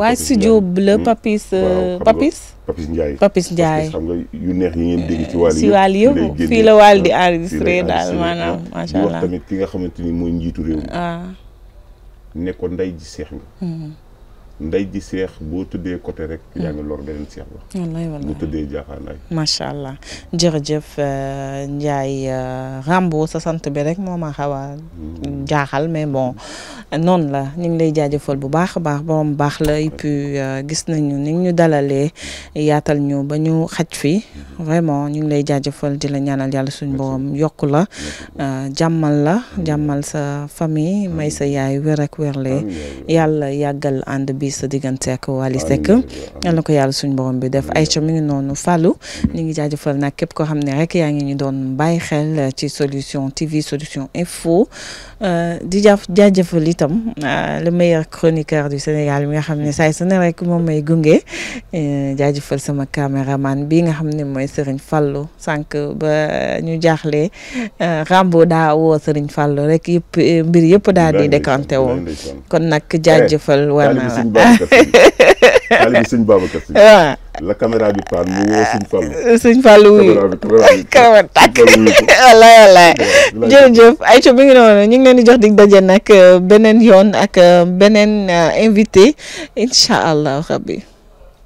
la studio bu la hmm? papis euh, papis Papis Ndiaye Papis Ndiaye xam nga yu neex yi ngeen dégg ci wàll si eh, fii la wàll di enregistré daal maanaam macha allah wax tamit ki nga xamante ni mooy njiitu réew mi ah. nekkoon ko ji seex nga hmm. ndey ji seex boo tëddee côté rek. Hmm. yaa bu tëddee macha allah jërëjëf euh, Ndiaye euh, Rambo sa sant bi rek moo ma a hmm. jaaxal mais bon noonu la ñu ngi lay jaajëfal bu baax a baax borom baax la et puis euh, gis nañu ni ñu dalalee yaatal ñu ba ñu xaj fi hmm. vraiment ñu ngi lay jaajëfal di la ñaanal yàlla suñ boom yokku la jàmmal la jàmmal sa fami may sa yaay wér ak yàlla yàggal ànd bi. bi sa diggante ak Wally Seck yal na ko yàlla suñ borom bi def Aïcha mi ngi noonu Fallou ñu ngi jaajëfal nag képp koo xam ne rek yaa ngi doon bàyyi xel ci solution TV solution info euh, di jaaf jaajëfal itam euh, la meilleur chroniqueur du Sénégal mi nga xam ne saay su moom may gunge euh, jaajëfal sama caméraman bi nga xam ne mooy sëriñ Fallou sànq ba ñu jaaxlee Rambo daa woo Serigne Fallou rek yëpp mbir yëpp daal di décanté woon kon nag eh, jaajëfal war naa la Babacar Sy taalibe sëñ Babacar Sy waaw la caméra bi paan mu woo bi tàkk ñu ngi leen di jox dig daje nag euh, beneen yoon ak euh, beneen euh, invité incha allah